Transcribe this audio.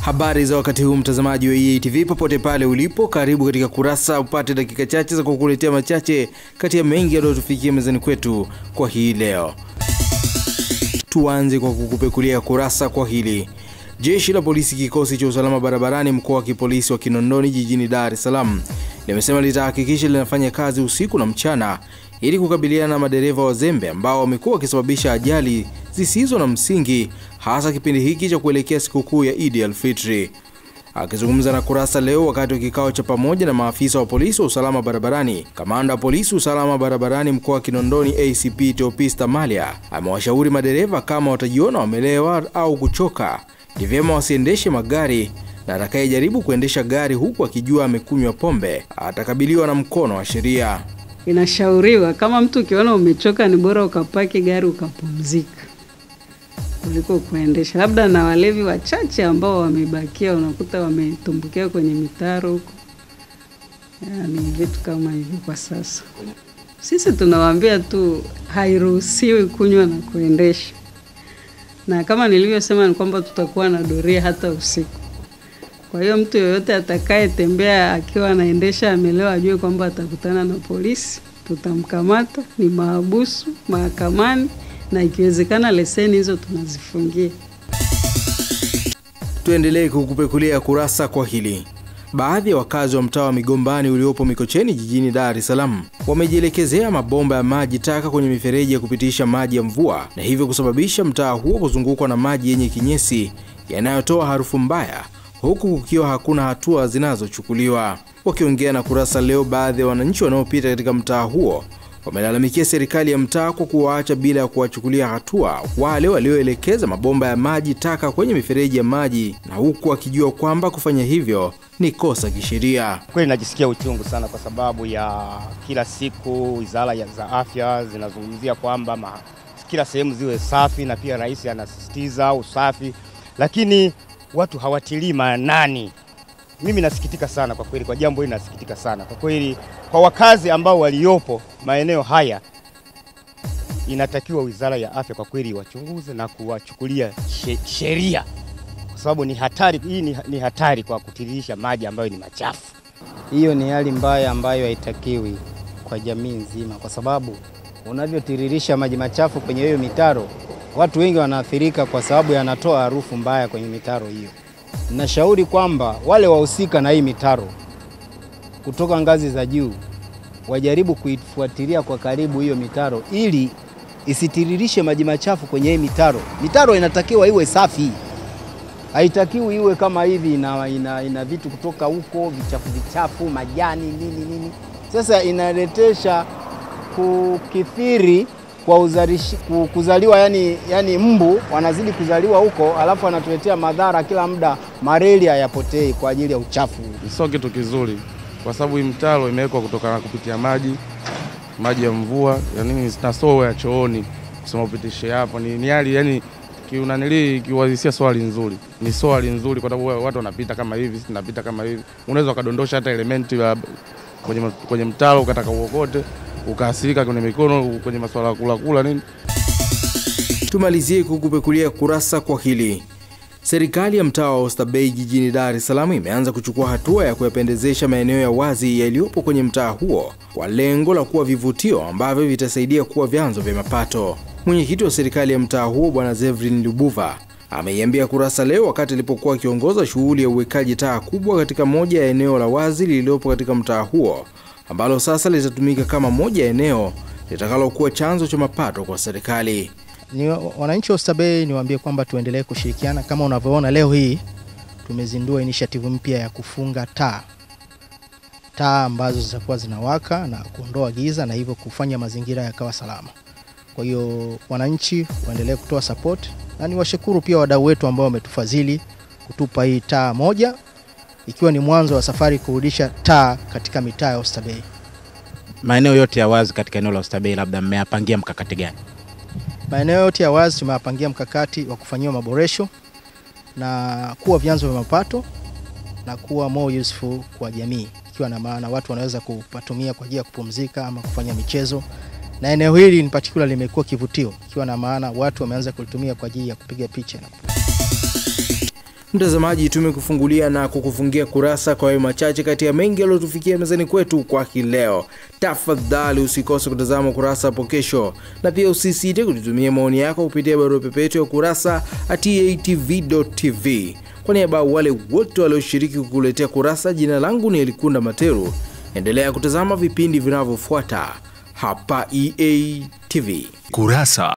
Habari za wakati huu mtazamaji wa eatv popote pale ulipo, karibu katika Kurasa upate dakika chache za kukuletea machache kati ya mengi yaliyotufikia mezani kwetu kwa hii leo. Tuanze kwa kukupekulia kurasa kwa hili. Jeshi la polisi kikosi cha usalama barabarani mkoa wa kipolisi wa Kinondoni jijini Dar es Salaam limesema litahakikisha linafanya kazi usiku na mchana ili kukabiliana na madereva wazembe ambao wamekuwa wakisababisha ajali zisizo na msingi hasa kipindi hiki cha kuelekea sikukuu ya Idi al-Fitri. Akizungumza na Kurasa leo wakati wa kikao cha pamoja na maafisa wa polisi wa usalama barabarani, kamanda wa polisi usalama barabarani mkoa wa Kinondoni ACP Teopista Malia amewashauri madereva kama watajiona wamelewa au kuchoka, ni vyema wasiendeshe magari na atakayejaribu kuendesha gari huku akijua amekunywa pombe atakabiliwa na mkono wa sheria. Inashauriwa kama mtu ukiona umechoka, ni bora ukapaki gari ukapumzika kuliko kuendesha. Labda na walevi wachache ambao wamebakia, unakuta wametumbukia kwenye mitaro huko, yaani vitu kama hivyo. Kwa sasa sisi tunawaambia tu hairuhusiwi kunywa na kuendesha, na kama nilivyosema ni kwamba tutakuwa na doria hata usiku. Kwa hiyo mtu yoyote atakayetembea akiwa anaendesha amelewa, ajue kwamba atakutana na polisi, tutamkamata, ni mahabusu mahakamani na ikiwezekana leseni hizo tunazifungia. Tuendelee kukupekulia kurasa kwa hili. Baadhi ya wakazi wa mtaa wa Migombani uliopo Mikocheni jijini Dar es Salaam wamejielekezea mabomba ya maji taka kwenye mifereji ya kupitisha maji ya mvua na hivyo kusababisha mtaa huo kuzungukwa na maji yenye kinyesi yanayotoa harufu mbaya huku kukiwa hakuna hatua zinazochukuliwa. Wakiongea na Kurasa Leo, baadhi ya wananchi wanaopita katika mtaa huo wamelalamikia serikali ya mtaa kwa kuwaacha bila ya kuwachukulia hatua wale walioelekeza mabomba ya maji taka kwenye mifereji ya maji, na huku wakijua kwamba kufanya hivyo ni kosa kisheria. Kweli najisikia uchungu sana, kwa sababu ya kila siku wizara za afya zinazungumzia kwamba kila sehemu ziwe safi, na pia rais anasisitiza usafi, lakini watu hawatilii maanani. Mimi nasikitika sana kwa kweli, kwa jambo hili nasikitika sana kwa kweli kwa wakazi ambao waliopo maeneo haya, inatakiwa Wizara ya Afya kwa kweli wachunguze na kuwachukulia sheria, kwa sababu ni hatari hii ni, ni hatari kwa kutiririsha maji ambayo ni machafu. Hiyo ni hali mbaya ambayo haitakiwi kwa jamii nzima, kwa sababu unavyotiririsha maji machafu kwenye hiyo mitaro, watu wengi wanaathirika kwa sababu yanatoa harufu mbaya kwenye mitaro hiyo. Nashauri kwamba wale wahusika na hii mitaro kutoka ngazi za juu wajaribu kuifuatilia kwa karibu hiyo mitaro ili isitiririshe maji machafu kwenye hii mitaro. Mitaro inatakiwa iwe safi, haitakiwi iwe kama hivi ina, ina, ina vitu kutoka huko vichafu vichafu, majani nini nini. Sasa inaletesha kukithiri kwa uzalishi, kuzaliwa yani, yani mbu wanazidi kuzaliwa huko, alafu anatuletea madhara kila muda, malaria yapotei kwa ajili ya uchafu. Sio kitu kizuri kwa sababu hii mtaro imewekwa kutokana na kupitia maji maji ya mvua nini na soo ya chooni kusema upitishe hapo ni, ni hali yani kiunanilii kiwazisia swali nzuri ni swali nzuri kwa sababu watu wanapita kama hivi tunapita kama hivi unaweza ukadondosha hata elementi kwenye, kwenye mtaro ukataka uokote ukaasirika kwenye mikono kwenye masuala ya kula kula nini tumalizie kukupekulia kurasa kwa hili Serikali ya mtaa wa Bay jijini Dar es Salaam imeanza kuchukua hatua ya kuyapendezesha maeneo ya wazi yaliyopo kwenye mtaa huo kwa lengo la kuwa vivutio ambavyo vitasaidia kuwa vyanzo vya mapato. Mwenyekiti wa serikali ya mtaa huo Bwana Zevrin Lubuva ameiambia Kurasa Leo wakati alipokuwa akiongoza shughuli ya uwekaji taa kubwa katika moja ya eneo la wazi lililopo katika mtaa huo ambalo sasa litatumika kama moja ya eneo litakalokuwa chanzo cha mapato kwa serikali. Ni wananchi wa Oysterbay niwaambie kwamba tuendelee kushirikiana kama unavyoona leo hii tumezindua initiative mpya ya kufunga taa taa ambazo zitakuwa zinawaka na kuondoa giza na hivyo kufanya mazingira yakawa salama. Kwa hiyo wananchi waendelee kutoa support na niwashukuru pia wadau wetu ambao wametufadhili kutupa hii taa moja ikiwa ni mwanzo wa safari kurudisha taa katika mitaa ya Oysterbay. Maeneo yote ya wazi katika eneo la Oysterbay labda mmeyapangia mkakati gani? Maeneo yote ya wazi tumeyapangia mkakati wa kufanyiwa maboresho na kuwa vyanzo vya mapato na kuwa more useful kwa jamii, ikiwa na maana watu wanaweza kupatumia kwa ajili ya kupumzika ama kufanya michezo, na eneo hili in particular limekuwa kivutio, ikiwa na maana watu wameanza kulitumia kwa ajili ya kupiga picha. Mtazamaji, tumekufungulia na kukufungia kurasa kwa hayo machache kati ya mengi yaliyotufikia mezani kwetu kwa hii leo. Tafadhali usikose kutazama kurasa hapo kesho, na pia usisite kututumia maoni yako kupitia barua pepe yetu ya kurasa atatvtv. Kwa niaba ya wale wote walioshiriki kukuletea kurasa, jina langu ni Elikunda Materu. Endelea kutazama vipindi vinavyofuata hapa EA TV. Kurasa